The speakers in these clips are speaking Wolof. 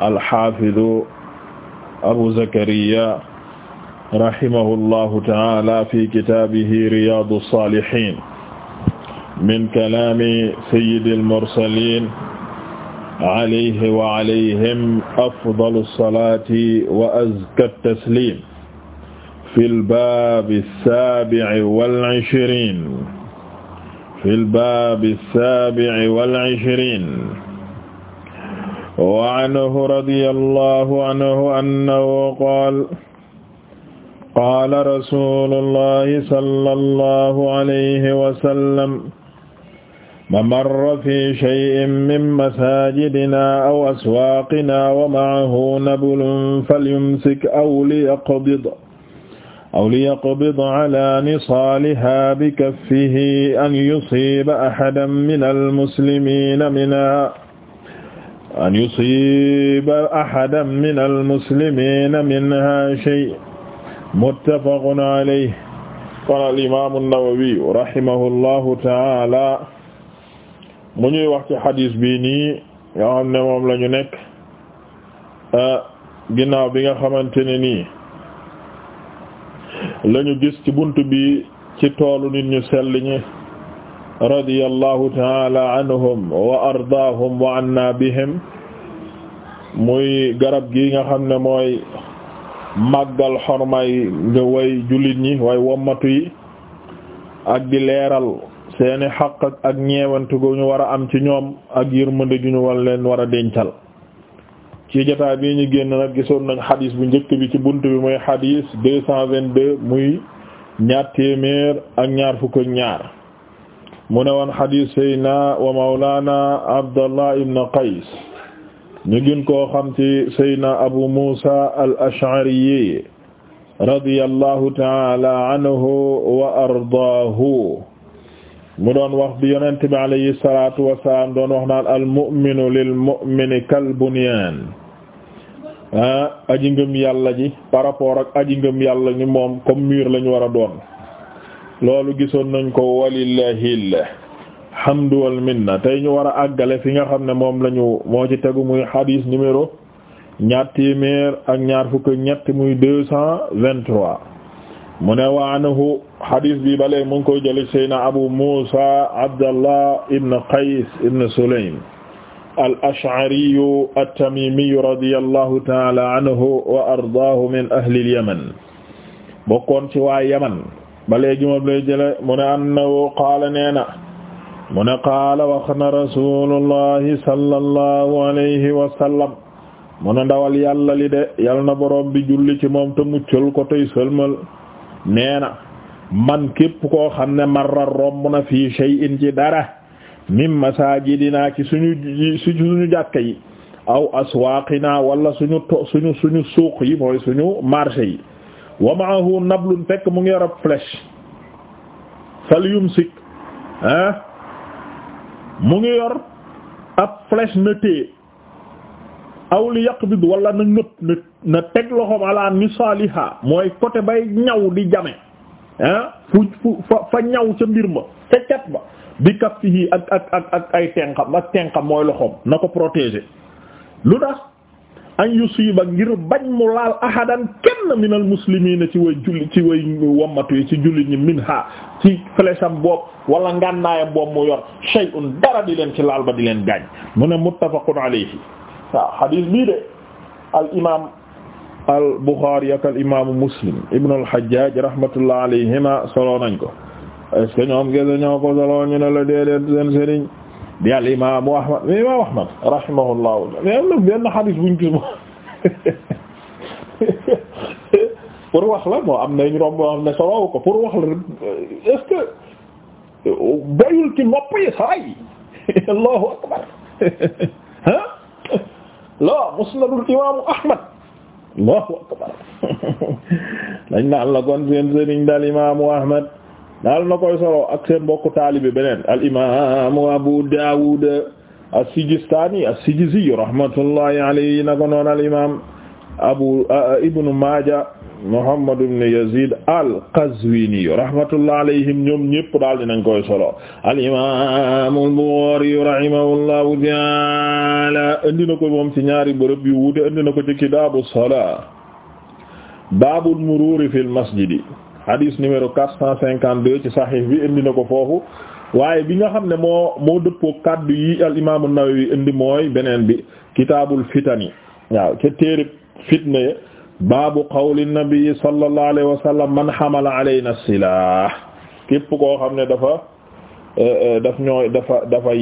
alxafidu abu zakariya rahimahullahu taala fi kitaabihi riyaadu saalihiin min kalaami sayyidil mursaliin alayhi wa alayhim afdalu salaati wa azka tasliim fil baabi saabi'i wal ishriin fil baabi saabi'i wal ishriin وعنه رضي الله عنه أنه قال قال رسول الله صلى الله عليه وسلم من مر في شيء من مساجدنا أو أسواقنا ومعه نبل فليمسك أو ليقبض أو ليقبض على نصالها بكفه أن يصيب أحدا من المسلمين منها an yusiba ahadan min almuslimina minha shay muttafaqun alayhi qaala al-imaam an-Nawawi rahimahullahu taala mu ñuy wax ci xadis bi nii nga xam ne moom la ñu nekk ah, ginnaaw bi nga xamante ne nii la ñu gis ci bunt bi ci toolu nit ñu sell ñi radiyallahu taala anhum wa ardaahum wa anna bihim muy garab gi nga xam ne mooy màggal xormay nga way jullit ñi way wommatu yi ak di leeral seeni xaq ak ñeewantu gu ñu war a am ci ñoom ak yërmande ju ñu war leen war a dencal ci jotaay bi ñu génn nag gisoon nañ xadiis bu njëkk bi ci bunt bi muy xadiis deux cent muy ñaar téeméer ak ñaar fukk ak ñaar mu ne woon xadiis saydna wa maulana abdallah ibn qays ñu gën koo xam ci saydna abu musa al ash'ari radiyallahu taala anhu wa ardaahu mu doon wax bi yonent bi alayhi salatu wasalaam doon wax naan al mu'minu kal bunyan ah aji ngëm yàlla ji par rapport ak aji ngëm yàlla moom comme mur la ñu war a doon loolu gisoon nañ ko walillahil hamdu wal minna tey ñu war a àggale fi nga xam ne moom lañu moo ci tegu muy hadis numéro ñaar téeméer ak ñaar fukk ñett muy deux cent vingt ne wa anhu hadis bi bale mu ngi koy jëli Seydina Abu Musa Abdallah ibn Qays ibn Sulaym al-Ash'ari at-Tamimi radiyallahu ta'ala anhu wa ardaahu min ahli al-Yaman bokkoon ci waa Yaman ba léegi moom lay jële annahu qaala nee na mu ne qaala wax na rasulullahi sallallahu alayhi wa sallam mu ne yàlla li de yal na borom bi julli ci moom te muccal ko tey sëlmal nee na man képp koo xam ne marra romb na fii shay'in ci dara min masajidina ci suñu suñu jàkka yi aw aswaaqina wala suñu to suñu suñu suuq yi mooy suñu marché yi wa maahu nablun fekk mu ngi yor ab flèche fal yumsik ah mu ngi yor ab flèche na téye aw li yaqbid wala na nëpp na na teg loxoom ala misaliha mooy côté bay ñaw di jame ah fu fu fa ñaw ca mbir ma ca ba bi kaffihi ak ak ak ak ay tenqam ak tenqam mooy loxoom na ko protéger lu tax an yusiba ngir bañ mu laal ahadan kenn minal muslimina ci way julli ci way wommatu ci julli ñi min ha ci flèche am boobu wala ngànnaayam boobu mu yor shay'un dara di leen ci laal ba di leen gaañ mu ne muttafaqun alayhi waaw hadis bii de al imam al Bukhari ak al imaamu Muslim ibn al Hajjaj rahmatullah alayhima solo nañ ko est-ce que ñoom gese ñoo ko solo ñu ne la déedéet seen sëriñ bi al imaamu Ahmad bi imaamu Ahmad rahimahullahu mais am na benn xadis buñ gis moom pour wax la moo am nañ romb am ne solowu ko pour wax la est-ce que boyul ci nopp yi saray allahu akbar ah la musnadul imaamu Ahmad allahu akbar lañ naan la kon seen sëriñ daal imaamu Ahmad daal na koy solo ak seen mbokku taalibe beneen al imaamu Abu Daawud as-Sijistaani as-Sijizi rahmatullahi alayhi na ko noon al imaam Abu Ibn Maaja Muhammad ibn Yazid al-Qazwini rahmatullahi alayhim ñoom ñépp daal dinañ koy solo al imaam al-Bukhari rahimahullahu ta'ala indi na ko moom ci ñaari bërëb yu wuute indi na ko ci kitaabu salaa baabul muruuri fil masjidi hadis numéro 452 ci sahih bi indi na ko foofu waaye bi nga xam ne moo moo dëppoo kàddu yi al imaamu Nawawi indi mooy beneen bi kitaabul fitani waaw ca téere fitna ye baabu qawli nabi sallallahu alayhi wa sallam man hamala alayna silah képp koo xam ne dafa eh, eh, daf ñooy dafa dafa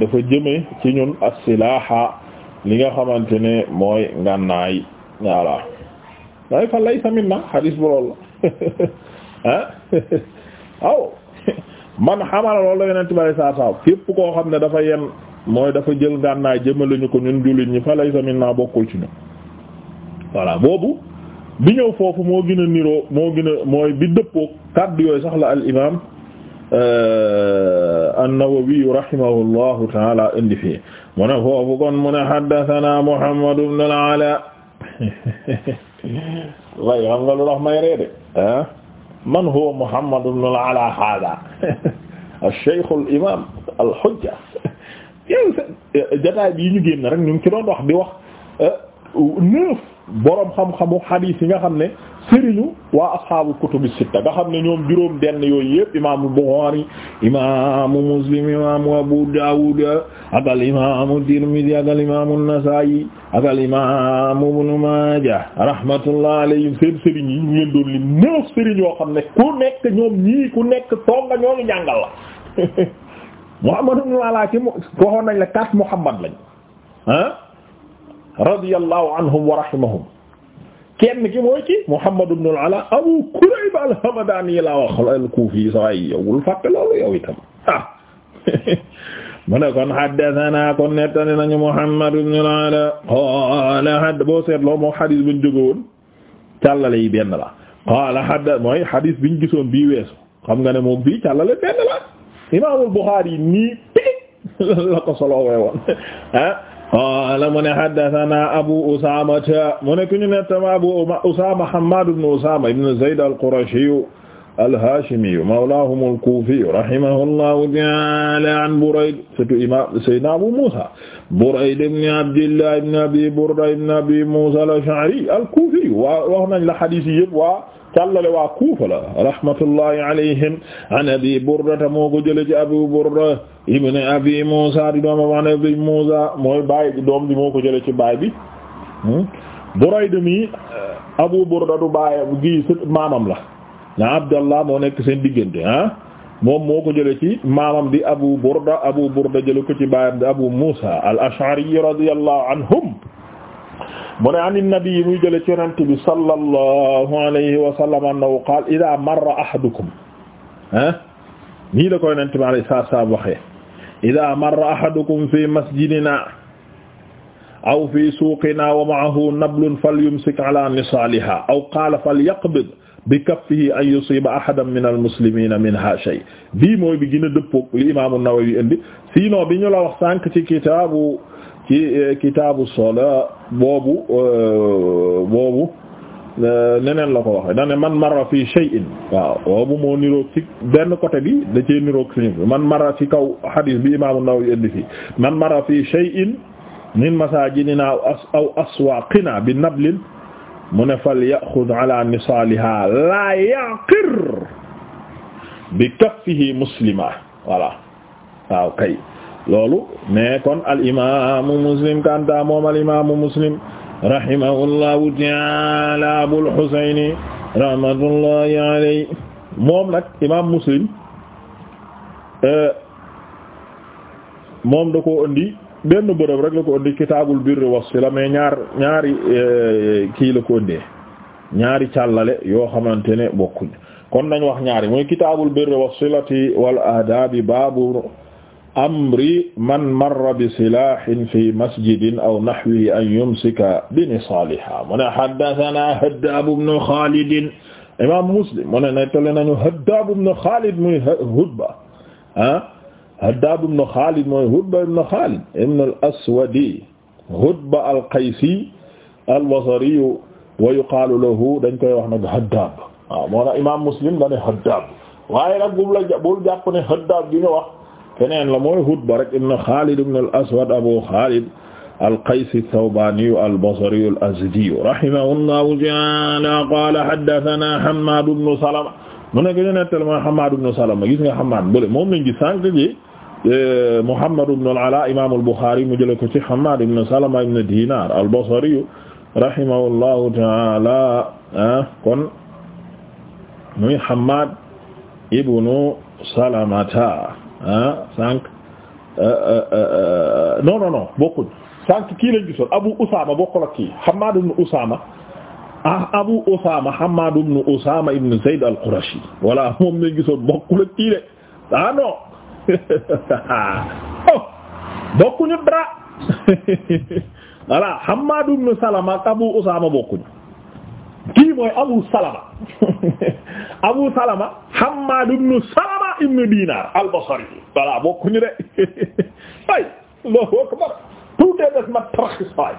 dafa jëme ci ñun as-silaaha li nga xamante ne mooy ngànnaay voilà fa laysa minna hadis bu loolu ah waaw man xamal loolu la yeneen tubaab yi saa képp koo xam ne dafa yem mooy dafa jël ngànnaay jëmale lañu ko ñun jullit ñi fa lay tamit naa bokkul ci boobu bi ñëw foofu moo gën a niroo moo gën mooy bi dëppoo kàddu yooyu sax la al imaam euh, an-Nawawi rahimahullahu taala indi fii mu ne foofu kon mu ne haddathana Muhammad ibn al-Ala way xam nga lu tax may reede ah man huwa Muhammad ibn al-Ala hada al-shaykh al-imam al-hujja yow jotaay bii ñu génn rek ñu ngi ci doon wax di wax eh, neuf boroom xam-xamu hadith yi nga xam ne sëriñu waa ashaabu kutubi sitta nga xam ne ñoom juróom benn yooyu yëpp imaamu Bukhari imaamu Muslim imaamu Abu Dawud ak al imaamu Tirmidhi ak al imaamu Nasaa'i ak al imaamu Ibnu Maaja rahmatullah alayhim seen sëriñ yi ñu leen doon lim neuf sëriñ yoo xam ne ku nekk ñoom ñii ku nekk tonga ñooñu jàngal la Muhammad ibn Ala ci waxoon nañ la quatre Muhammad lañ ah radiyallahu anhum wa rahimahum kenn ki mooy ci Muhammad ibn ala Abu Kurayb al-Hamadani la wax al-Kufi saway yow wul fàtte loolu yow itam ah mu ne kon haddathana kon nettali nañu Muhammad ibn al-Ala qaala hadd boo seetloo moom hadis bi ñu jóge woon càllale yi benn la qaala hadd mooy hadis bi ñu gisoon bii weesu xam nga ne moom bii càllale benn la Imaamul Bukhari nii la ko solo wee woon ah. qaala mu ne haddathana abu Usaama mu ne ku ñu nettama abu Usaama Hammaad ibn Usaama ibn Zayd al-Qurashiyu al-Haashimiyu mawlaahum al-Kuufiyu rahimahullahu ta'aala an Burayd surtout imaam Sayyidina Abu Muusaa Burayd ibn Abdillah ibn Abi Burda ibn Abi Muusaa al-Ash'ari al-Kuufiyu wa wax nañ la hadiis yëpp wa càllale waa Kuufa la rahmatullahi alayhim an abi Burda moo ko jële ci Abu Burda ibn abi Muusa di doom wax ne abi Muusa mooy baay bi doom bi moo ko jële ci baay bi hmm? Burayd mi eh, Abu Burda du baay gi maamam la na Abdallah moo nekk seen diggante ah moom moo ko jële ci maamam di Abu Burda Abu Burda jële ko ci baayam di Abu Muusa al-Ash'ari radiyallahu anhum mu ne an nabi muy jële ci yonent bi sallallahu alayhi wa sallam annahu qaal ida marra ahadukum ah nii la ko yonent bi alayhi salaatu salaam waxee ida marra ahadukum fi masjidina aw fi suuqina wa ma'ahu nablun falyumsik ala nisaaliha aw qaala falyaqbid bi kaffihi an yusiba ahadan min almuslimina minha shay bii mooy bi gën a dëppoog li imaamu Nawawi indi sinon bi ñu la wax sànq ci kitaabu ci e, kitaabu sola boobu e, boobu e, neneen la ko waxee da ne man marra fi shay'in waaw boobu moo niroog ci benn côté bi da cee niroog suñu man marra ci kaw hadith bi imaamu Nawawi indi fi man marra fi shay'in min masaajidinaa aw aswaaqinaa bi nablin mu ne fal ya'khudh ala nisaalihaa laa ya'qir bi kaffihi muslima voilà waaw kay loolu mais kon al imaamu muslim kanta moom al imaamu muslim rahimahullahu taala abul husayni rahmatullahi alayhi moom nag imaam muslim euh, moom da ko indi benn bërëb rek la ko indi kitaabul birri was-sila mais ñaar ñaari euh, kii la ko indee ñaari càllale yoo xamante ne bokkuñ kon nañ wax ñaari mooy kitaabul birri was-silati wal aadaabi baabu amri man marra bi silaahin fi masjidin aw nahwihi an yumsika bi nisaalihaa mu ne haddasanaa Haddaab ibn Xaalid imaam Muslim mu ne nettali nañu Haddaab ibn Xaalid muy Hudba ah Haddaab ibn Xaalid mooy Hudba ibn Xaalid ibn al-Aswadi Hudba al-Qaysi al-Basri wa yuqaalu lahu dañ koy wax nag Haddaab waaw moo ne imaam Muslim dañuy Haddaab waaye nag bul jàpp ne Haddaab gi nga wax. keneen la mooy Hudba rek ibn Xaalid ibn al-Aswad Abu Xaalid al-Qaysi ath-Thawbaaniyu al-Basriyu al-Azdiyu rahimahullahu ta'aala qaala haddathanaa Hammaad ibn Salama mu nekk ñu nettal mooy Hammaad ibn Salama gis nga Hammaad bële moom lañ gis sànq ji e, Muhammad ibn al-Alaa imaam al-Buxaari mu jëlee ko ci Hammaad ibn Salama ibn Diinaar al-Basriyu rahimahullahu ta'aala kon muy Hammaad ibn Salamata ah sànq ah, ah, ah, non sànq kii lañ gisoon Abu Usaama bokkul ak kii Hammaad ibn Usaama ah Abu Usaama Hammaad ibn Usaama ibn Zayd al-Qurashi voilà moom lañ gisoon bokkul ak kii de ah non oh bokkuñu dara voilà Hammaad ibn Salama ak Abu Usaama bokkuñu. kii mooy Abu Salama Abu Salama Hammad ibn Salama ibn Dinar al-Basri voilà bokkuñu de ay Allahu akbar tout est des mat taraxis waay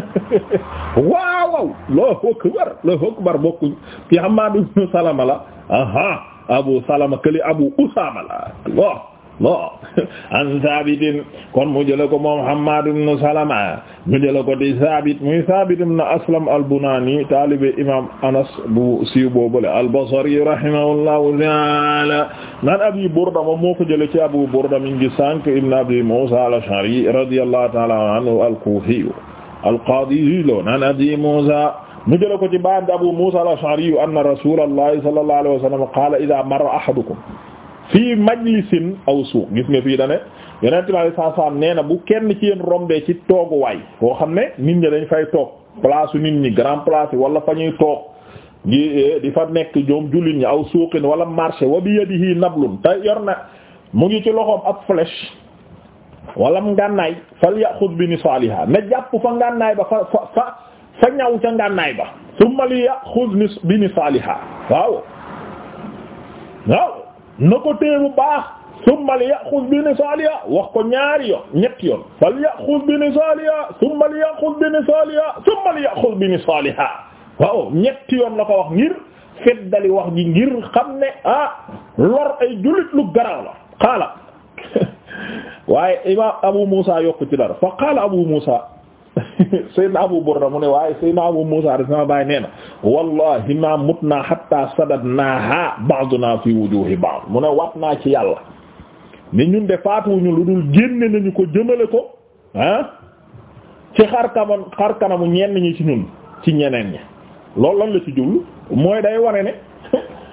waaw waaw akbar Allahu akbar bokkuñu kii Hammad ibn Salama la aha Abu Salama kële Abu Usama la Allah lo an Thaabit kon mu jëlee ko moom Hammaad ibn Salama mu jëlee ko di Thaabit muy Thaabit ibn Aslam al-Bunaani taalibe imaam Anas bu siiw boobule al-Basri rahimahullahu ta'aala naan Abi Burda moom moo ko jëlee ci Abu Burda min gi sànq ibn Abi Muusaa al-Ash'ari radiyallahu ta'aala anhu al-Kuufi al-Qaadi lo naan Abi Muusaa mu jëlee ko ci baam Abu Muusaa al-Ash'ari anna Rasuulallahi sallallahu alayhi wa sallam qaala idhaa marra ahadukum fii majlisin aw suuq gis nga fii dane yonente bi alayhi salaam nee na bu kenn ci yéen rombee ci tooguwaay koo xam ne nit ñi dañ fay toog place nit ñi grand place yi wala fa ñuy toog di eh, di fa nekk ñoom jullit ñi aw suuqin wala marché wa bi yadihi nablun te yor na mu ngi ci loxoom ab flèche wala mu ngànnaay fal yaxud bi nisaaliha na jàpp fa ngànnaay ba fa fa ñaw ca ngànnaay ba summa li yaxud bi nisaaliha waaw waaw na ko téye bu baax summa li yaxuz bi nisaaliha wax ko ñaari yoon ñetti yoon fal yaxuz bi nisaaliha summa li yaxuz bi nisaaliha summa li yaxuz bi nisaaliha waaw ñetti yoon la ko wax ngir feddali wax ji ngir xam ne ah, ay jullit lu garaaw qaala waaye imaam Abu Musa yokku ci dara fa qaala Abu Musa sayyidna Abu Burda mu ne waaye sayyidna Abu Musa de baay nee na wallahi ma mutna hatta sadadnaha ba'duna fi wujuhi ba'd mu ne waat naa ci yàlla ni ñun de faatuwuñu lu dul génne nañu ko jëmale ko ah ci xar kanam kanamu ñenn ñi ci ñun ci ñeneen ñi loolu lan la ci jublu mooy day wane ne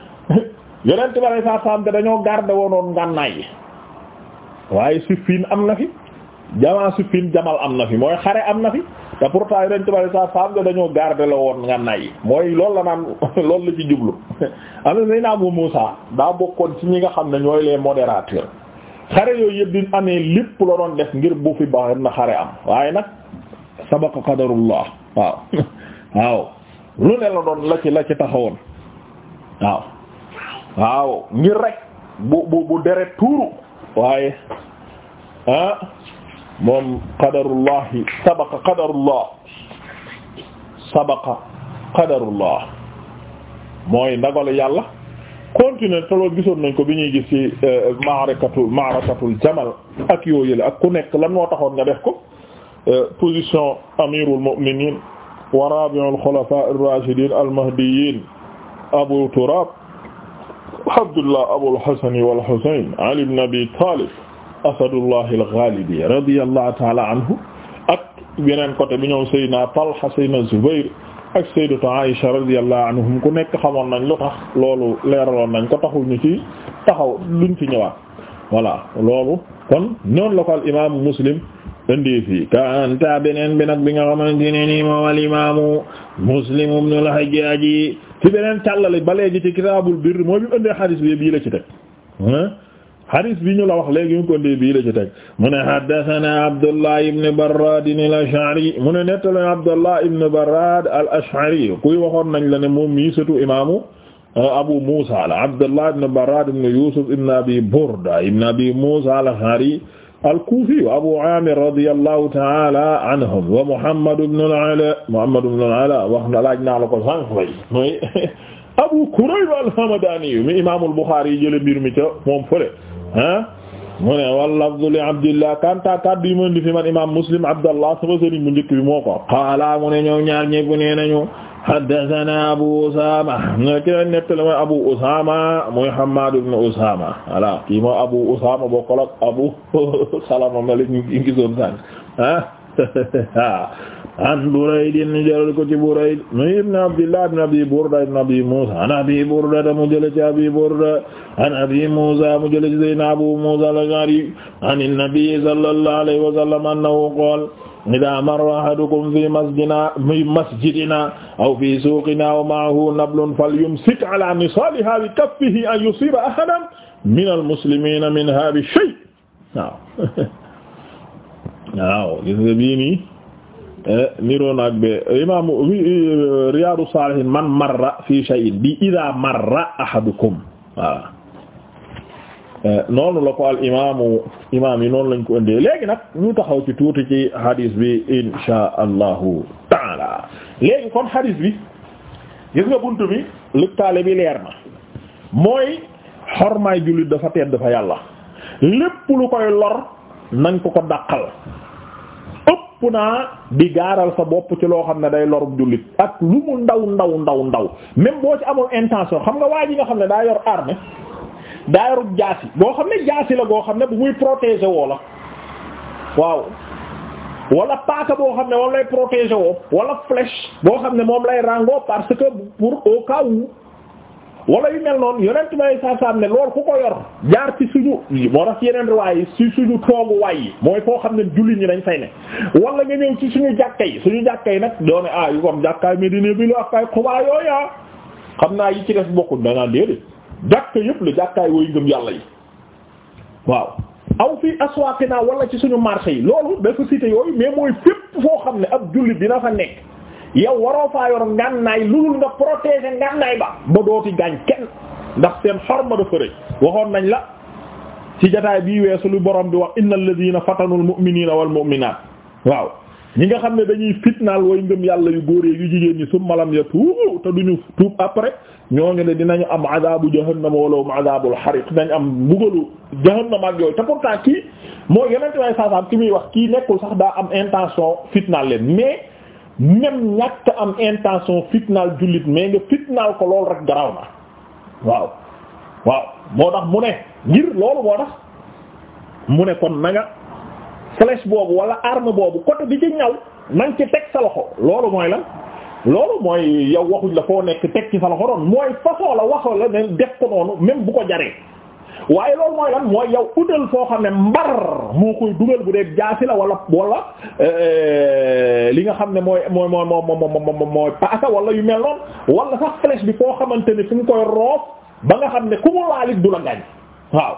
yonent bi alay saa salaam te dañoo garde wonoon ngànnaay yi waaye siffiin am na fi jamaa suffin jamal am na fi mooy xare am na fi te pourtant ren tubare sa faam nga dañoo garder la woon nga nay mooy loolu la naan lool la ci jublu am na Seydina Abu ci ñi nga xam ne ñooy les modérateurs xare yooyu yëpp amee lépp la doon def ngir bu fi baax na xare am waaye nag sabaqa qadarullah waaw waaw ne la doon la ci la ci taxawoon waaw waaw ngir rek bu bu bu deret tuuru waaye ah, moom qadarullahi sabaqa qadarullah sabaqa qadarullah mooy ndogalu yàlla continuer te loolu gisoon nañ ko bi ñuy gis ci euh, ma'rakatu ma'rakatul jamal ak yooyu la ak ku nekk lan moo taxoon nga def ko euh, position amirul mu'minin wa rabi'ul khulafa ar-rashidin al-mahdiyyin abu turab abdullah abul hasan wal husayn ali ibn abi talib asadullah al-ghalibi radiyallahu ta'ala anhu ak yeneen côté bi ñoom Seydina Talha Seydina Zubayr ak Sayyidatu Aisha radiyallahu anhum ku nekk xamoon nañ lu tax loolu leeraloon nañ ko taxul ñu ci taxaw luñ ci ñëwaat voilà loolu kon noonu la ko al imaamu Muslim indi fii kanta beneen bi nag bi nga xamante ne nii moom al imaamu Muslim ibn al-Hajjaj ci beneen càllale ba léegi ci kitaabul birr moo bi mu indee xadiis bi bii la ci teg hadis bi ñu la wax léegi ñu ko ndee bii la ci teg mu ne haddathana Abdullah ibn Barrad al-Ash'ari mu ne nettali Abdullah ibn Barrad al-Ash'ari kuy waxoon nañ la ne moom mii surtout imaamu euh, Abu Musa la Abdullah ibn Barrad ibn Yusuf ibn Abi Burda ibn Abi Musa al-Ash'ari al-Kufi Abu Amir radiyallahu ta'ala anhum wa Muhammad ibn al-Ala Muhammad ibn al-Ala wax na laaj naa la ko sànq lay mooy Abu Kurayb al-Hamadani mi imaamul Bukhari yi jële mbir mi ca moom fële ah mu ne wallafdu li muslim abdallah sama bi moo ko qaala mu ne ñoom ñaar ñëpp ibn usama voilà kii abu usama bokkol abu salama male ñu gisoon sànq an Burayd jël ko ci Burayd ibn Abdillah ibn Abi Burda ibn Abi Musa an Abi Burda mu jël ci Abi Burda an Abi Musa mu jël ci Sayyidina Abu Musa al-Ash'ari an an-Nabi sallallahu alayhi wa sallam annahu qala idaa marra ahadukum fi masjidina fi masjidina aw fi suuqina wa ma'ahu nablun falyumsik ala nisaalihaa bi kaffihi an yusiiba ahadan mina al-muslimiina minhaa bi shay' waaw gis nga bii nii eh, niroo naag be imam eh, Riyadou man marra fi shay'in bi ida marra ahadukum eh, noonu la ko al imaamu imaam yi noonu lañ ko indee léegi nag ñu taxaw ci tuuti ci hadis bi insha allahu taala léegi kon hadis bi gis nga buntu bi lëkkaale bi leer na mooy xormaay jullit dafa tedd dafa yàlla lépp lu koy lor nañ ko ko dàqal sopp naa di gaaral sa bopp ci loo xam ne day lorub jullit ak lu mu ndaw ndaw ndaw ndaw même boo ci amul intention xam nga waa ji nga xam ne daa yor arme daa yorub jaasi boo xam ne jaasi la goo xam ne bu muy protéger woo la waaw wala paaka boo xam ne moom lay woo wala flèche boo xam ne moom lay rango parce que pour au cas wala yu mel noonu yonent may saa saa ne loolu ku ko yor jaar ci suñu moo tax yeneen riwaay yi ci suñu toogu waay yi mooy foo xam ne julli ñi dañ fay ne wala nga ñëw ci suñu jàkka yi suñu jàkka yi nag doone ah yu comme jàkkaay Medina bi la ak ay Quba yooya ah. xam naa yi ci des bokkul danaa déedéet jàkka yëpp lu jàkkaay woy ngëm yàlla yi waaw aw fii aswaqina wala ci suñu marché yi loolu dafa cité yooyu mais mooy fépp foo xam ne ab julli dina fa nekk yow waroo faa yor ngànnaay lulul nga protéger ngànnaay ba ba dooti gaañ kenn ndax seen xorma dafa rëy waxoon nañ la ci jotaay bii weesu lu borom bi wax innal ladina fatanul mu'minina wal mu'minat waaw ñi nga xam ne dañuy fitnaal way ngëm yàlla yu góor yu jigéen ñi summa lam yatuubu te duñu tuub après ñooñu ne dinañu am adabu jahannam wala adabul xariq dinañ am mbugalu jahannam ak yooyu te pourtant kii moo yenente way saasaam ki muy wax kii nekkul sax daa am intention fitnaal leen mais même ñàkk am intention fitnaal jullit mais nga fitnaal ko loolu rek garaw na waaw waaw moo tax mu ne ngir loolu moo tax mu ne kon na nga boobu wala arme boobu côté bi ci ñaw na nga ci teg sa loxo loolu mooy lan loolu mooy yow waxuñ la foo nekk teg ci sa loxo doon mooy façon la waxo la def ko noonu même bu ko jaree waaye lool mooy lan mooy yow utal foo xam ne mbar moo koy dugal bu dee jaasi la wala wala euh, li nga xam ne mooy mooy mooy mooy mooy paaka wala yu mel noonu wala sax flèche bi foo xamante ne fu mu koy roof ba nga xam ne ku mu laalit du la ngañ waaw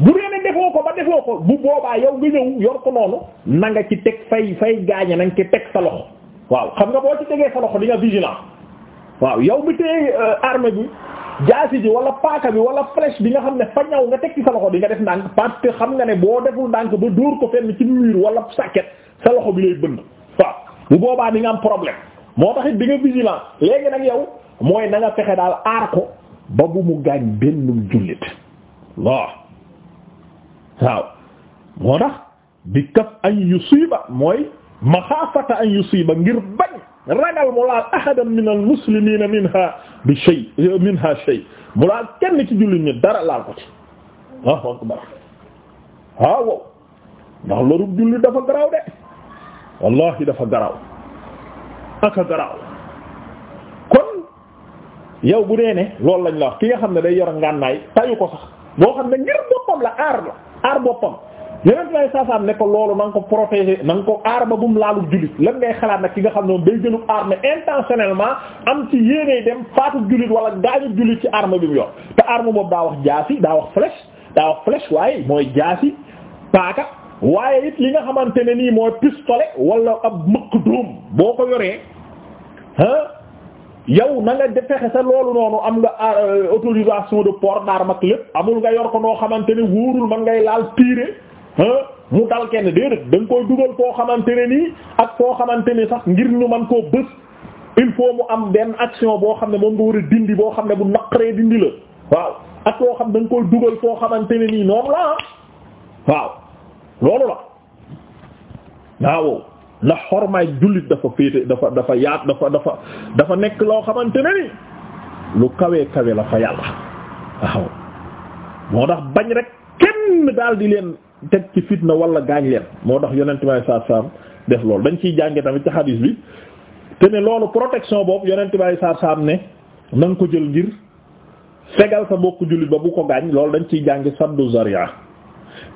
bu dee defoo ko ba defoo ko bu boobaa yow nga ñëw yor ko noonu na nga ci teg fay fay gaañe na nga ci teg sa loxo waaw xam nga boo ci tegee sa loxo di nga waaw yow mi téye euh, arme bi jaasi ji wala paaka bi wala flèche bi nga xam ne fa ñaw nga teg ci sa loxo di nga def ndànk parce xam nga ne boo deful ndànk ba dóor ko fenn ci mur wala sàkket sa loxo bi lay bënd waaw bu boobaa di nga am problème moo taxit di nga vigilant léegi nag yow mooy na fexe daal aar ko ba bu mu gaañ benn jullit waaw waaw moo tax bi kaf an yusiba mooy maxaafata an yusiba ngir bañ ragal mu laal ahadan min al muslimina minha bi shay minha shay mu laal kenn ci jullit ñi dara laal ko ci waaw akbar ah, waaw ndax lorub jullit dafa garaaw de wallahi dafa garaaw aka garaaw kon yow bu dee ne loolu lañ la wax ki nga xam ne day yor ngànnaay tayu ko sax boo xam ne ngir boppam la aar la aar boppam yeneen lay saasaam ne ko loolu na ko protéger na ko aar ba bu mu laalu jullit lan ngay xalaat nag ki nga xam ne moom day jëlu arme intentionnellement am ci yéene dem faatu jullit wala gaañu jullit ci arme bi mu yor te arme boobu daa wax jaasi daa wax flèche daa wax flèche waaye mooy jaasi paaka waaye it li nga xamante ne nii mooy pistolet wala ab mëq dóom boo ko yoree yow na nga fexe sa loolu noonu am nga euh, autorisation de port d'arme ak lépp amul nga yor ko noo xamante ne wóorul man ngay laal tirer. mu dal kenn déedéet da nga koy dugal foo xamante ne nii ak foo xamante ni sax ngir ñu man koo bës il faut mu am benn action boo xam ne moom nga dindi boo xam ne bu naqaree dindi waaw ak loo xam da nga koy dugal foo xamante ne nii noonu la ah. waaw loolu la waaw la xormaay jullit dafa féete dafa dafa yaat dafa dafa dafa nekk loo xamante ne lu kawee kawe la fa yàlla waaw moo tax bañ rek kenn daal di leen teg ci fitna wala gaañ leen moo tax yonent may saa def loolu dañ ciy jànge tamit ci xadiis bi te ne loolu protection boobu yonent may saa saam ne na ko jël ngir fegal sa mbokku jullit ba bu ko gaañ loolu dañ ciy jànge saddu zaria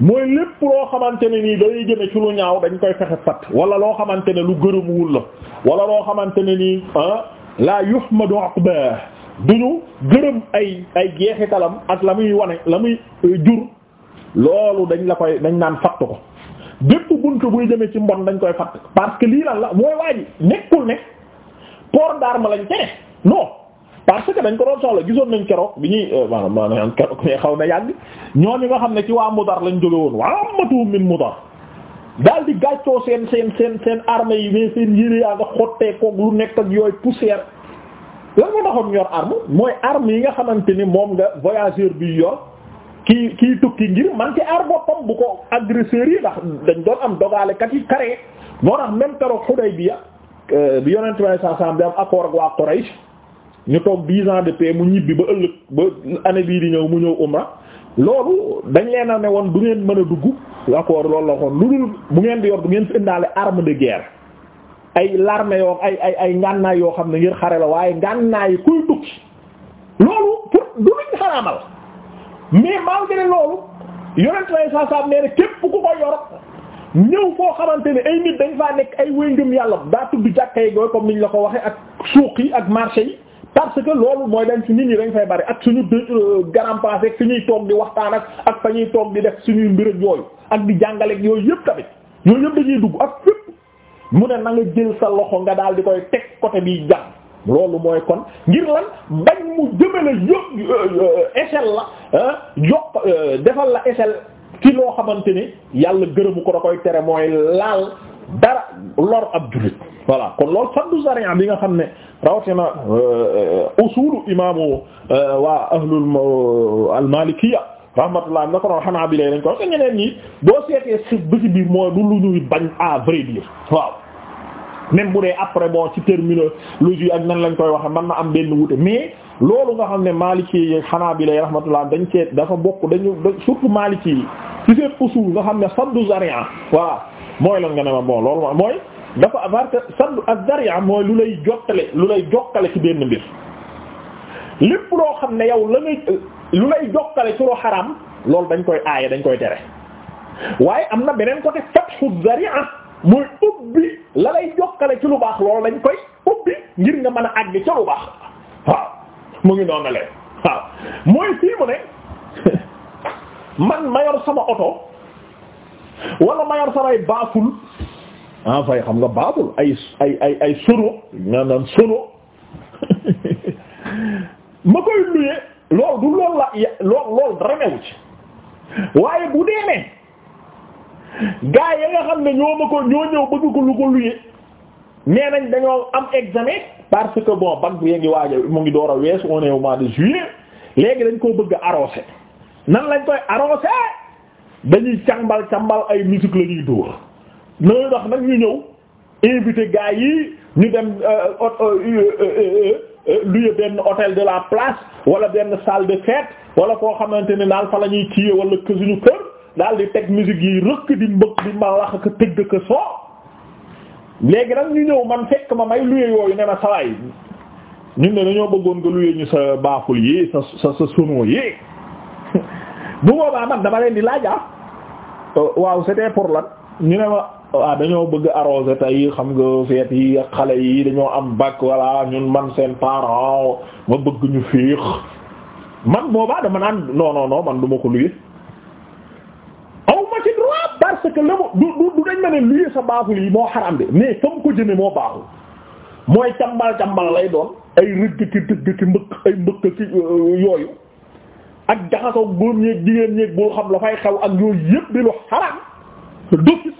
mooy lépp loo xamante ne nii day jëme ci lu ñaaw dañ koy fexe fat wala loo xamante ne lu gërëmuwul la wala loo xamante ne nii ah, la yuhmadu aqba duñu gërëm ay ay jeexitalam ak la muy wane la muy jur loolu dañ la koy dañ naan fatt ko bépp buntu buy demee ci mbon dañ koy fatt parce que lii lan la mooy waa ji nekkul ne port d'arme lañ tere non parce que dañ ko doon soxla gisoon nañ keroog bi ñuy euh, maanaam maanaam keroog mais xaw na yàgg ñooñu nga xam ne ci waa Mudar lañ jóge woon waa matuum min Mudar daal di gàccoo seen seen seen seen arme yi mais seen yére yaa nga xottee koog lu nekk ak yooyu poussière lan moo taxoon yor arm mooy arm yi nga xamante ni moom nga voyageur bi yor. kii kii tukki ngir man ci aar boppam bu ko agresseurs yi dañ doon am dogaalekat yi kare moo tax même keroog Hudaybiya euh, bi yonent bi saa saa bi am ak waa ñu toog dix ans de paix mu ñibbi ba ëllëg ba bii di ñëw mu ñëw umra loolu dañ leen a woon du ngeen mën a dugg accord loolu la waxoon bu ngeen di yor du ngeen indaale arme de guerre ay larme yoo ay ay ay ngànnaay yoo xam ne ngir xare la waaye ngànnaay kuy tukki loolu pour du luñ xaraamal. mais malgré loolu yonent lay saa saa nee képp ku ko yor ñëw foo xamante ne ay nit dañ faa nekk ay wéy ngëm yàlla daa tudd jàkka yi comme niñ la ko waxee ak suuq yi ak marché yi parce que loolu mooy dañ si nit ñi dañ fay bari ak suñu euh, garam passé ak suñuy toog di waxtaan ak ak fa ñuy toog di def suñuy mbir ak yooyu ak di jàngaleek yooyu yëpp tamit yëpp dañuy dugg ak fépp mu ne na nga jël sa loxo nga daal di koy teg côté bi jàng loolu mooy kon ngir lan bañ mu jëmale yokk échelle la ah yokk euh, defal la échelle ci loo xamante ni yàlla gërëmu ko da koy tere mooy laal dara lor ab jullit voilà kon loolu saddu sariya bi nga xam ne rawatina euh, usulu imaamu euh, waa ahlul al malikiya rahmatullah na ko noon xanaa bi lay dañ ko wax ñeneen boo seetee si bi biir mooy du lu ñuy bañ à vrai waaw. même bu dee après bon ci terminologie ak nan lañ koy waxe man na am benn wute mais loolu nga xam ne Maliki yi Hanabila yi rahmatullah dañ cee dafa bokk dañu surtout Maliki yi ci seen usul nga xam ne saddu zari'a voilà mooy lan nga ne ma bon loolu ma mooy dafa parce que saddu az-zari'a mooy lu lay jottale lu lay jokkale ci benn mbir lépp loo xam ne yow la ngay lu lay jokkale ci xaram loolu dañ koy aaye dañ koy tere waaye am na beneen côté fathu zari'a mooy ubbi la lay jokkale ci lu baax loolu lañ koy ubbi ngir nga mën a àgg ca lu baax waaw mu ngi noonu leen waaw mooy fii mu ne man ma sama oto wala ma yor samay baaful ah fay xam nga baaful ay ay ay ay sono nga naan sono ma koy luyee loolu du loolu la lool dara newu ci waaye bu dee ne gaa ya nga xam ne ñoo ma ko ñoo ñëw bëgg ko lu ko luyee nee nañ dañoo am examen parce que bon bac bi ngi waaja mu ngi door a weesu on est au mois de juillet léegi dañ koo bëgg a nan lañ koy arrosé dañuy càmbal càmbal ay musique la dóor nooy dox nag ñu ñëw invité gaa yi ñu dem euh, euh, euh, luye benn hôtel de la place wala benn salle de fête wala koo xamante ne daal fa la ñuy kiiyee wala kësuñu kër daal di teg musique yi rëkk di mbëkk di ma ak tëgg ka soo léegi nag ñu ñëw man fekk ma may luye yooyu ne ma sawaay ñun ne dañoo bëggoon nga luye ñu sa baaxul yi sa sa sa sono yi bu boobaa man dama leen di laajaa ah. euh, waaw c'était pour la ñu ne ma waaw ah, dañoo bëgg arrosé tey xam nga feet yi ak xale yi dañoo am bac voilà ñun man seen parent ma bëgg ñu féex man boobaa dama naan non man duma ko luye parce que la du du dañ ma ne lii sa baaxul yi moo xaram de mais fa mu ko jëme moo baaxul mooy càmbal càmbal lay doon ay rëgg ki tëgg ki mbëkk ay mbëkk ki euh, yooyu ak jaxasoo góor ñeeg jigéen ñeeg bul xam la fay xew ak yooyu yëpp di lu xaram dofis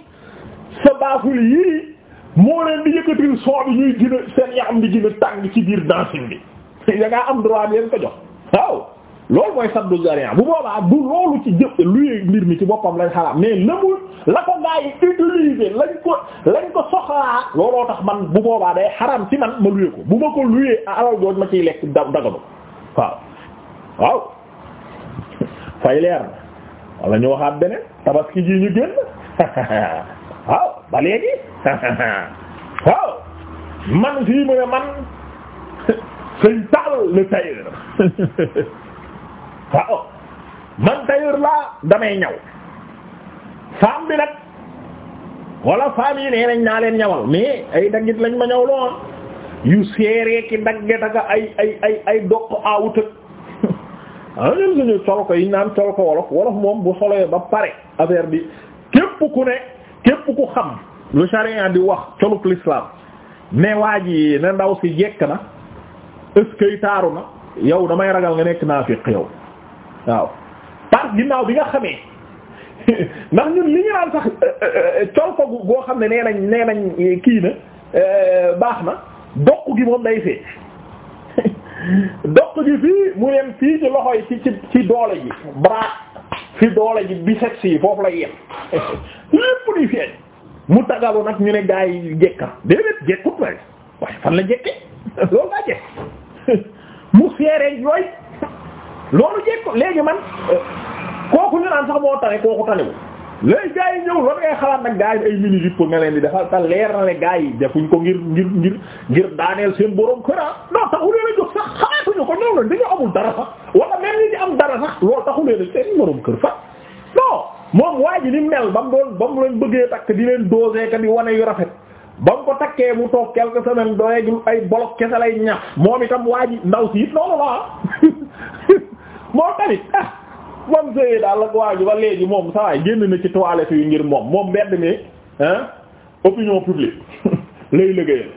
sa baaxul yii moo leen di yëkkatil soo bi ñuy gën a seen yaram di gën a ci biir dancing bi da am droit bi leen ko jox waaw loolu mooy saddu zariya bu boobaa du loolu ci jëf luy mbir mi ci boppam lañ xalaat mais la ko gaa yi utiliser lañ ko lañ ko soxlaa looloo tax man bu boobaa day xaram ci man ma luye ko bu ma ko luye alal jooju ma ciy lekk da daganu waaw waaw fay leer na wala ñu waxaat beneen tabaski ji ñu génn waaw ba léegi waaw man fii mu ne man sëñ taal le tailleur waaw man tailleur laa damay ñaw femme bi nag wala femme yi nee nañ naa leen ñawal mais ay daggit lañ ma ñaw lool ah. yu seeree ki dagget ak ay ay ay ay doq awut ah ñun suñu col ko yi naan col ko wolof wolof moom bu solee ba pare affaire bi képp ku ne képp ku xam lu sharia di wax coluk l'islam ne waa ji ne ndaw si jekk na ëskay taaru na yow damay ragal nga nekk naafiq yow waaw parce ginnaaw bi nga xamee ndax ñun li ñu sax euh, euh, euh, col ko goo xam ne nee nañ nee nañ kii na baax na doq gi moom day fee doq gi fii mu yem fii ci loxo yi ci ci doole ji bras fi doole ji biceps yi foofu la yem lépp di feeñ mu tagalu nag ñu ne gaa yi jekka déedéet jekkut waaye waaye fan la jekke loolu daa jekk mu feeree yooyu loolu jekk léegi man euh, kooku ñu naan sax moo tane kooku tanewu léegi gars yi ñëw loolu ngay xalaat nag gaa yi ay mini jupe nga leen di gars yi defuñ ko ngir ngir ngir ngir daaneel seen borom këra ah. non taxu leen a jóg sax xalaatuñu ko ñoom lañ dañoo amul dara sax wala même ñi di am dara sax loolu taxu leen a seen borom kër fa non moom waa ji ni mel ba mu leen bëggee takk di leen doser ka di wane yu rafet ba mu ko takkee mu toog quelques semaines doyegul ay bolok kese lay ñax moom itam waa ji ndaw si moom tamit ah moom sëyee daal ak waa ba léegi moom sawaay génn na ci toilette yu ngir moom moom mbedd mi hein opinion publique lay liggéeyal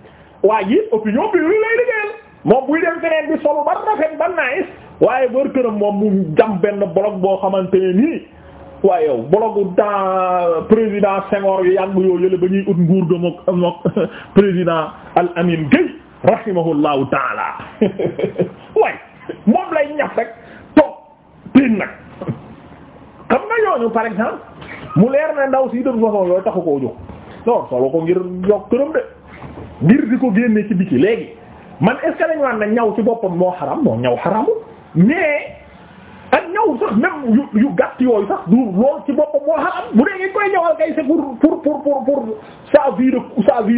waa ji opinion publique lay liggéeyal moom buy dem feneen bi solu ba rafet ba nice waaye bër këram moom mu jam benn blog boo xamante ne nii waaye yow blogu temps président Senghor yu yàgg yoo yële ba ñuy ut nguur ga mook mook président Al Amin Gueye rahimahullahu taala waay moom lay ñaf rek peen nag xam nga ñooñu par exemple mu leer na ndaw si dëgg façon yooyu taxu koo jóg solo ko ngir yokk këram de ngir ko génne ci biti léegi man est ce que dañu na ñaw ci boppam moo xaram moo ñaw xaramu mais ak ñaw sax même yu gat gàtt yooyu sax du lool ci boppam moo xaram bu dee ngi koy ñawal kay c'est pour pour pour pour pour sa vie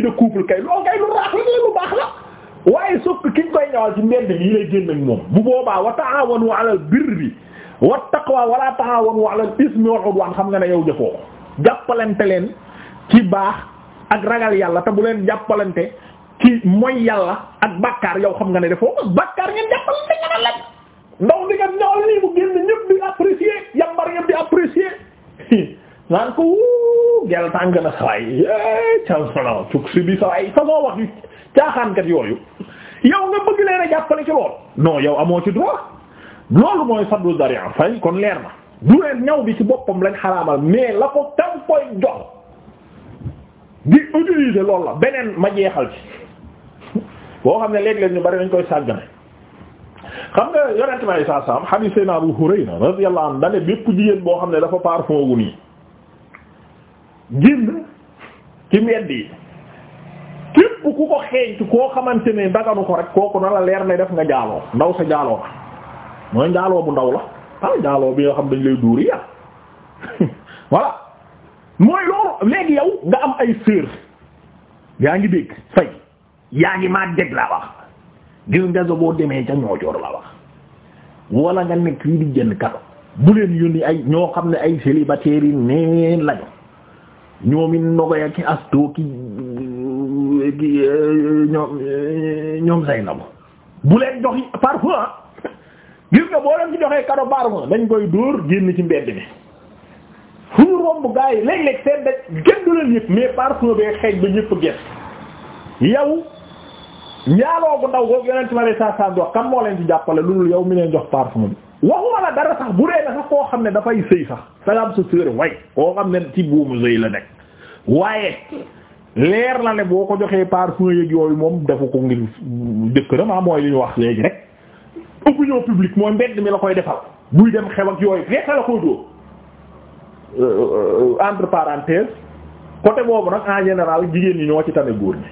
de couple kay loolu kay lu raax la lu baax la waaye sauf que kiñ koy ñawal ci mbedd mi lay génn ak moom bu boobaa wa ta'awanu 'alal birri wa taqwa wala ta'awanu ala al-ismi wal udwan xam nga na yaw jëfoo ko jàppalante leen ci baax ak ragal yàlla te bu leen jàppalante ci mooy yàlla ak bàkkaar yow xam nga ne defoo ko bàkkaar ngeen jàppalante nga leen ndaw di nga ñool nii bu génn ñëpp di apprécier yambar ñëpp di apprécier naan ko wuu gel na sawaay eh, can sono cug si bi sawaay façon wax yu caaxaankat yooyu yow nga bëgg leen a jàppale ci lool non amoo ci droit loolu mooy saddu dari'a fay kon leer na du leen ñaw bi ci boppam lañ xaraamal mais la ko tam koy jox di utiliser loolu la beneen ma jeexal ci boo xam ne léeg-léeg ñu bari dañ koy sàggane xam nga yonent bi saa saam hadith sayna Abu Hurayra radiyallahu anhu dane bépp jigéen boo xam ne dafa parfum wu nii génn ci mbedd yi ku ko xeeñtu koo xamante ne daganu ko rek kooku na la leer ne def nga jaaloo ndaw sa jaaloo na mooy njaaloo bu ndaw la ah njaaloo bi yoo xam dañ lay duuri yàq voilà mooy loolu léegi yow nga am ay sœur yaa ngi dégg fay yaa ngi maa dégg laa wax gis nga boo demee ca ñoojoor laa wax wala nga nekk yi di jënd kado bu leen yónni ay ñoo xam ne ay célibataires yi neen lañu ñoomi nogoya ki asto ki eh, ñoom say eh, na bu leen jox parfois ah. gis nga boo leen ci joxee kado baaru nañ koy dóor génn ci mbedd mi fu ñu romb gaa yi léeg-léeg seen daj kenn du leen yëpp mais parfum bee xeej ba ñëpp gis yow ñaaloo bu ndaw boobu yeneen ci ma lay saa saa jox kan moo yow mi leen jox parfum dara bu dee koo xam ne dafay sëy sax da nga am sa sœur way koo xam ne ci buumu sëy la nekk waaye leer la ne boo ko joxee parfum yeeg yooyu moom defu ko ngir jëkkëram ah mooy li ñu wax léegi rek opinion publique mooy mbedd mi la koy defal buy dem xew ak yooyu fexe la koy dóor euh, euh, entre parenthèses côté boobu nag en général jigéen ñi ñoo ci tane góor ñi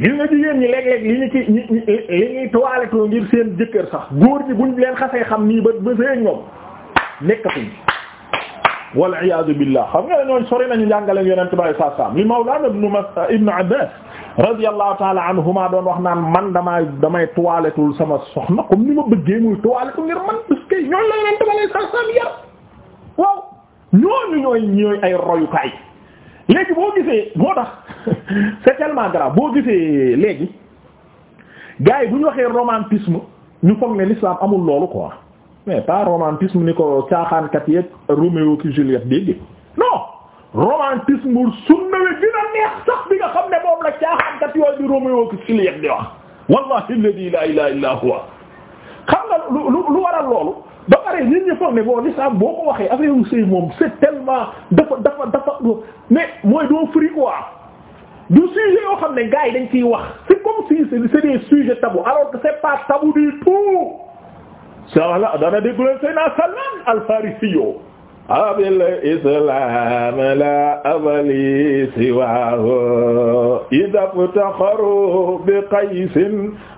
gis nga jigéen ñi léeg-léeg li ñu ci ñi li ñuy toilettoo ngir seen jëkkër sax góor ñi bu leen xasee xam nii ba ba see ñoom nekkatuñ wal iyaadu billah xam nga ne ñooñ sori nañu njàngale yonent bi sallallahu alayhi wasallam li Mawlana ibn Abbas radiyallahu taala anhuma doon wax naan man damaa damay toilettul sama soxna comme ni ma bëggee muy toilettul ngir man parce que ñooñu la yonent bi alayhi salaam yar waaw ñooñu ñooy ñooy ay royukaay léegi boo gisee moo tax c'est tellement boo gisee léegi gars yi bu ñu waxee romantisme ñu foog ne l'islam amul loolu quoi mais pas romantisme ni ko caaxaankat yeeg Roméo ki Juliette dégg non. romantisme sunna wi dina neex sax bi nga xam ne moom la caaxaankat yooyu di Roméo ak Juliette di wax wallahi alladhi la ilaha illa huwa xam nga lu lu waral loolu ba pare nit ñi foog ne boo lislaam boo ko waxee affaire yu sëy moom c'est tellement dafa dafa dafa mais mooy doo fri quoi du sujet yoo xam ne gars yi dañ ciy wax c'est comme si c'est des sujets tabous alors que c'est pas tabou du tout. sa la dana dégguleen Seydina Salman al-Farisi abil islam la abali siwaahu ida ftaxaru bi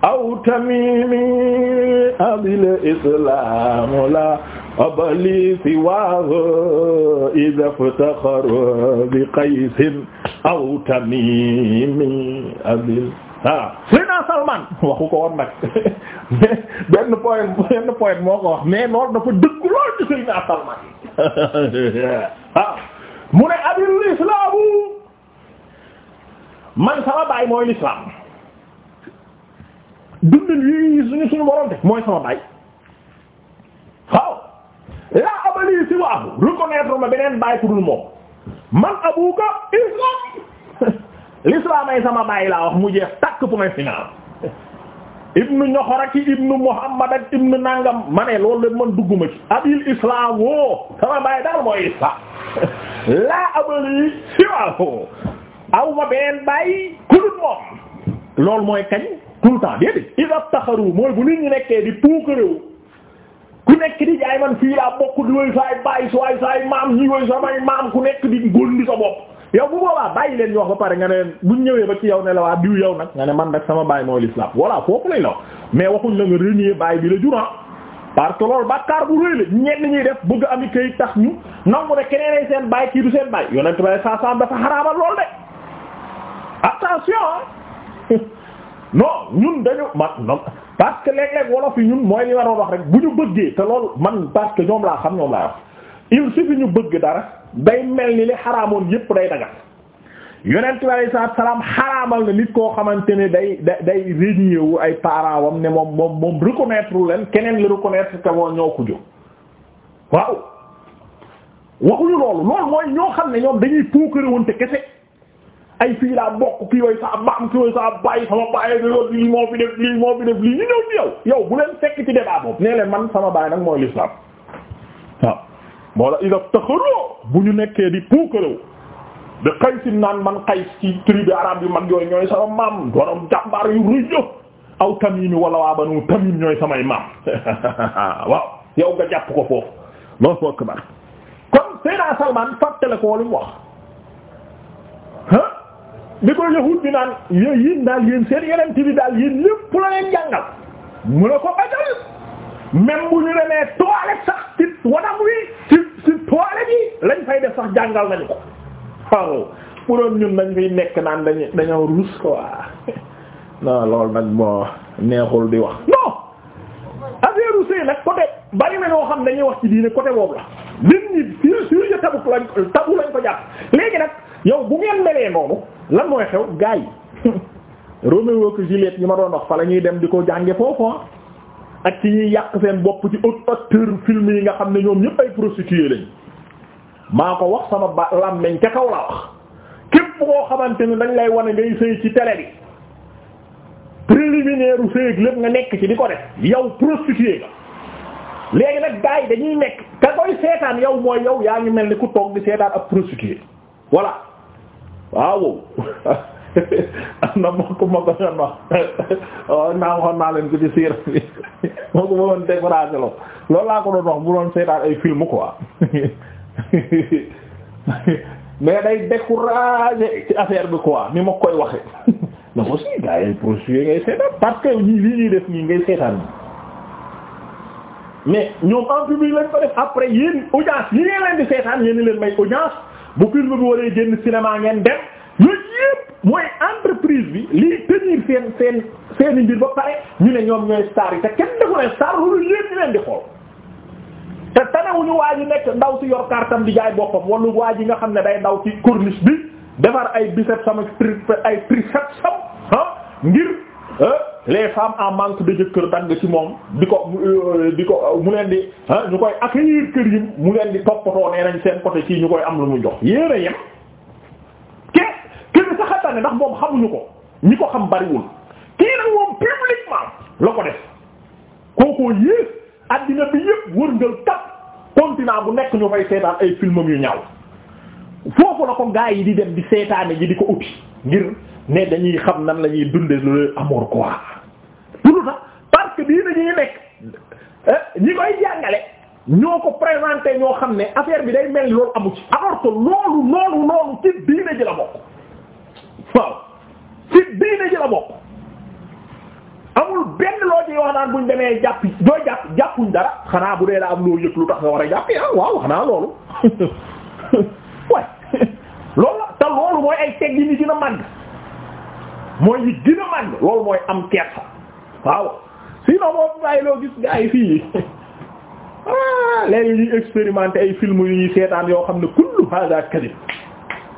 aw tamimi abil islam la abali siwaahu ida ftaxaru bi aw tamimi abil ah Seydina Salman waxu ko woon nag benn poète benn poète moo ko wax mais Salman waaw ah. mu ne abil islaamu man sama baay mooy lislaam dundal yi suñu suñu borom te mooy sama baay waaw laa abali si waaxu reconnaître ma beneen baay ku dul moom man abuka islam l'islam ay sama baay laa wax mu jeex takk point final ibnu ñoxoraki ibnu muhammad ak ibnu nangam ma ne loolu de man ma ci abil islam woo sama baay daal mooy islam laa abali siwaahu aw ma beneen bàyyi kudut moom loolu mooy kañ tout le temps déedéet ida taxaru mooy bu nit ñi nekkee di puukaréew ku nekk di jaay man fii laa bokk di saay bàyyi su saay maam ñi woy samay maam ku nekk di góor sa bopp yow bu boobaa bàyyi leen ñu wax ba pare nga ne buñ ñëwee ba ci yow ne la waa diw yow nag nga ne man nag sama baay mooy l'islam voilà foofu lañ la wax mais waxuñ la baay bi la juran ah parce que loolu bàkkaar bu ñuy def bëgg ami këyit tax ñu nangu ne keneen ay seen baay kii du seen baay yonent bay saa saam dafa xaraamal lool de attention ah non ñun dañu man non parce que léeg wolof yi ñun mooy li waroon wax rek bu ñu bëggee te loolu man parce que ñoom laa xam ñoom laa wax il suffit ñu bëgg dara day mel ni li xaraamoon yépp day daga yonent bi alayhi salaatu salaam xaraamal na nit koo xamante ne day da day régné wu ay parents wam ne moom moom moom reconnaître leen keneen li reconnaître te moo ñoo ko jóg waaw. waxuñu loolu loolu mooy ñoo xam ne ñoom dañuy puukare woon te kese ay fii laa bokk kii yooyu sa maam kii yooyu sa bàyyi sama bàyyi yow bu leen fekk ci débat man sama bàyyi nag mooy l'islam waaw. moo la idab taxaroo bu ñu nekkee di puukarew di xaysin naan man xays ci tribu arab yu mag ñooy sama maam borom jàmbaar yu rëy aw tamimi wala waa banu tamim ñooy samay maam waaw yow nga jàpp ko foofu loolu foo kibar kon Seydina Salman fàttale ko lu mu wax ah bi ko yahut bi naan yooyu yéen daal yéen seen yonent bi daal yéen lépp la leen jàngal mu ne ko ajal même bu ñu demee toilette sax ci wanam wi si toile lañ fay def sax jàngal nañu ko waaw bu doon ñun dañ fiy nekk naan dañu dañoo ruus quoi non loolu nag moo neexul di wax non affaire sëy nag côté bari na ñoo xam dañuy wax ci diine côté boobu la nit ñi fii sur je tabuk lañ tabu lañ ko jàpp léegi nag yow bu ngeen melee noonu lan mooy xew gaa yi Roméo ak Juliette yi ma doon wax fa la ñuy dem di ko jànge foofu ah. ak ci ñuy yàq seen bopp ci autre acteur film yi nga xam ne ñoom ñëpp ay prostitué lañ maa ko wax sama ba làmmeñ ca kaw la wax képp koo xamante ni dañ lay wane ngay sëy ci télé bi préliminaire u sëy ak nga nekk ci di ko yow prostitué léegi nag gars yi dañuy nekk ka koy seetaan yow mooy yow yaa ngi mel ni ku toog di seetaan ak prostitué voilà waaw am na oh, moo ko bi moo ko bëggoon découragé loolu laa ko doon wax bu doon seetaan ay film quoi mais day découragé ci affaire bi quoi ni ma koy waxe mais aussi gars yi ngay seetaan parce que ñi lii ñuy def nii ngay seetaan mais ñoom en public lañ ko def après yéen audience yi ngeen leen di seetaan yéen leen may audience bu film bi waree génn cinéma ngeen dem. yooyu yëpp mooy entreprise bi liy tenir seen seen seen i ba pare ñu ne ñoom ñooy star yi te kenn defu ne star loolu yëpp ñu leen di xool te tanewuñu waa ji nekk ndaw si yor kartam di jaay boppam wala waa ji nga xam ne day ndaw ci corniche bi defar ay biceps sama ay triceps sam ngir les femmes en manque de jëkkër dagg ci moom di ko euh, di ko mu leen di ñu koy accueillir kër yi mu leen di toppatoo nee nañ seen côté ci ñu koy am lu mu jox yéen a yem. kenn sa xattane ndax moom xamuñu ko ñi ko xam bariwul kii nag moom publiquement la ko def kookoo yées addina bi yëpp wërngal kat continent bu nekk ñu fay seetaan ay filmam yu ñaaw foofu la ko gaa yi di dem di seetaane ji di ko uti ngir ne dañuy xam nan la ñuy dunde le amour quoi pour lu tax parce dañuy nekk eh, ñi koy jàngale ñoo ko présenté ñoo xam ne affaire bi day mel loolu amu ci alors que loolu loolu loolu ci diine ji la bokk waaw ci diine ji la bokk amul benn loo ci wax naan demee jàpp doo jàpp jàppuñ dara xanaa bu dee daa am loo yëg lu tax nga war a jàpp ah waaw xanaa loolu waaye loolu la te loolu mooy ay teg yi ni dina màgg mooy yi dina màgg loolu mooy am kersa waaw sinon moom bàyyi loo gis nga ay fii ah léegi ñuy expérimenter ay film yu ñuy seetaan yoo xam ne kullu hada kadib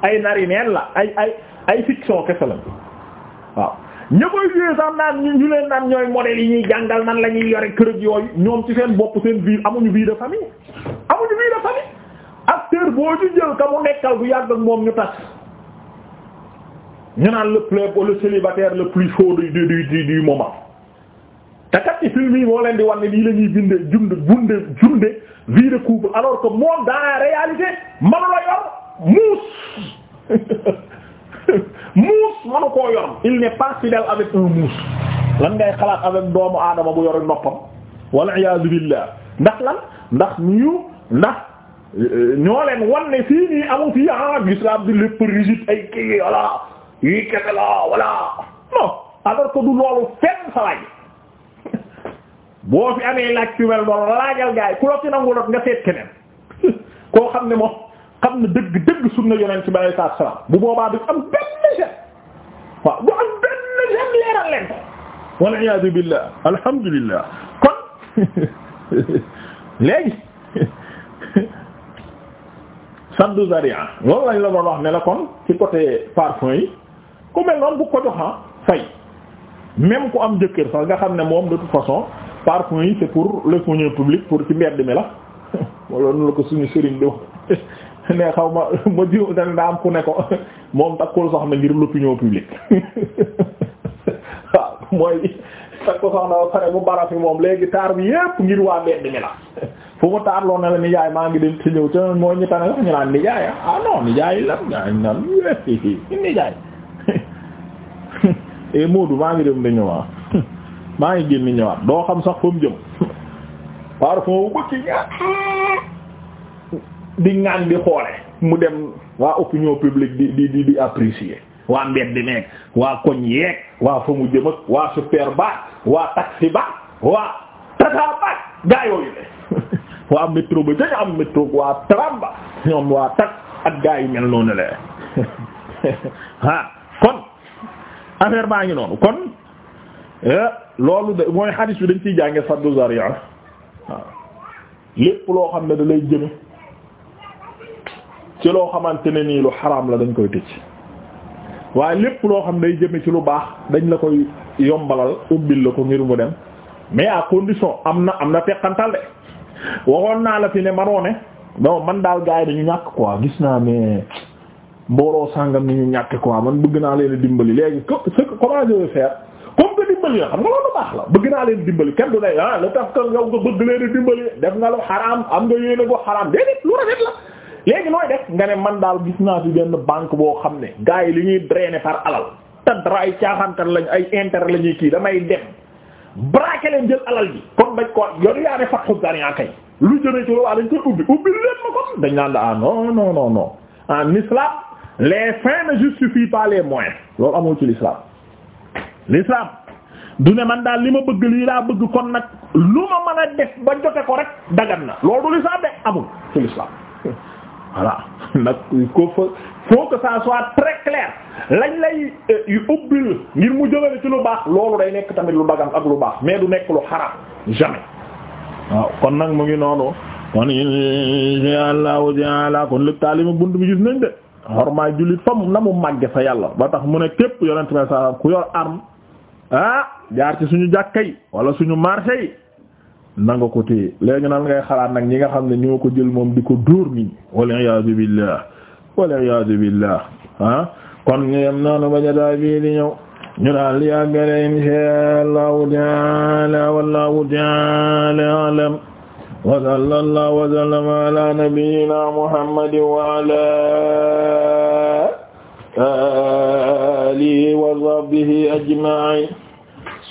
ay nari neen la ay ay. ay fiction kese lañ waaw ña koy naan ñu leen naan ñooy modèles yi ñuy jàngal nan la ñuy yore kër yooyu ñoom ci seen bopp seen vie amuñu vie de famille amuñu vie de famille acteur boo ci jël ka mu nekkal bu yàgg ak moom ñu tas ñu naan le plus le célibataire le plus chaud du du du du moment te kat ci film yi moo leen di wan ne lii la ñuy binde junde bunde junde vie de couple alors que moom dans la réalité yor muus muus manu koo yor il n'est pas fidèle avec un muus lan ngay xalaat avec doomu aadama bu yore noppam wal iyaadu billah ndax lan ndax ñu ndax euh, ñoo leen wan ne amu fii ah l'islam di lépp rigide ay kii yi kese la voilà non alors du loolu fenn sa boo fi amee laaj mel noonu laajal gaay ku la ci nangu nga seet keneen koo xam ne xam na dëgg dëgg sunna yonent bi alayhi salaatu salaam bu boobaa du am benn gêne waaw du am benn gêne leeral leen ko wal iyaadu la doon wax ne la kon ci côté parfum yi ku mel noonu bu ko joxa ah, fay même ku am jëkkër nga xam ne moom de toute façon parfum yi c'est pour le fonnier public pour ci mbedd mi la wala noonu la ko suñu sëriñ di ne xaw ma ma jiw dana daa am ku ne ko moom takkul soxna ngir l'opinion publique waaw mooy takku soxna ba pare bu bara moom léegi taar bi yépp ngir waa mbedd mi la fu mu taar la ni maa ngi dem ci ñëw te ah eh, Moodu maa ngi dem di ñëwaat maa ngi génn ñëwaat doo xam sax fu mu jëm parfois wu ko ci ñaar di ngaan di xoole mu dem waa opinion publique di di di di apprécier waa mbedd meeg waa koñ yeeg waa fa mu jëm ak waa super baax waa taxi baax gaa yooyu de waa métro ba dañu am métro waa tram ba ñoom waa tax ak gaa yu mel noonu la ah kon affaire baa ngi noonu kon eh, loolu de mooy hadith bi dañ ciy jànge saddu zari'a waaw lépp loo xam ne da lay ci loo xamante ne nii lu xaraam la dañ koy tëj waaye lépp loo xam day jëme ci lu baax dañ la koy yombalal ubbil la ko ngir mu dem mais à condition am na am na teqantal de waxoon naa la fi ne manoo man daal gars yi dañu ñàkk quoi gis naa ne mbooloo sàngam ni ñu ñàkk quoi man bëgg naa leen dimbali léegi ce que comment je vais comme que dimbali la xam nga loolu baax la bëgg naa leen dimbali kenn du ne ah la tax que yow nga bëgg leen dimbali def nga am nga yéene ko xaraam léegi nooy de nga ne man daal gis naa fi benn banque boo xam ne gars yi li ñuy drainer par alal te dara ay caaxaankat lañ ay intérêt la ñuy kii damay dem braquer leen jël alal ji kon ba ko yoru yaa ne fatxu garian ah kay lu jëne a loolu dañ koy ubbi ubbi leen ma kon dañ naan da ah no no non non non en islam les fins ne justifient pas les moyens loolu amul ci l'islam l'islam du ne man daal li ma bëgg lii laa bëgg kon nag lu ma mën a def ba jote ko rek dagan na loolu du l'islam amul ci voilà nag ko fa faut que ça très clair lañ lay euh, yu ubbil ngir mu jëlale ci lu baax loolu day nekk tamit lu dagan ak lu baax mais du nekk lu xaraam jamais waaw kon nag mu ngi noonu kon insha allahu taala kon lëg taalima bunt bi gis nañ de xormaay jullit fam na mu màgge fa yàlla ba tax mu ne képp yonent may sa ku yor arme ah jaar ci suñu jàkka yi wala suñu marché yi na nga ko téye léegi nan ngay xalaat nag ñi nga xam ne ñoo ko jël moom di ko dóor nii walla iyaazu billaah walla iyaazu billaah ah kon ñu yem noonu ba jotaay bii di ñëw ñu daal di àggale inshaa Allahu ta'aala wallaahu ta'aala a'lam wa sallallaahu wa sallama ala nabiyyina Muhammadin wa ala aalihi wa sahbihi ajma'iin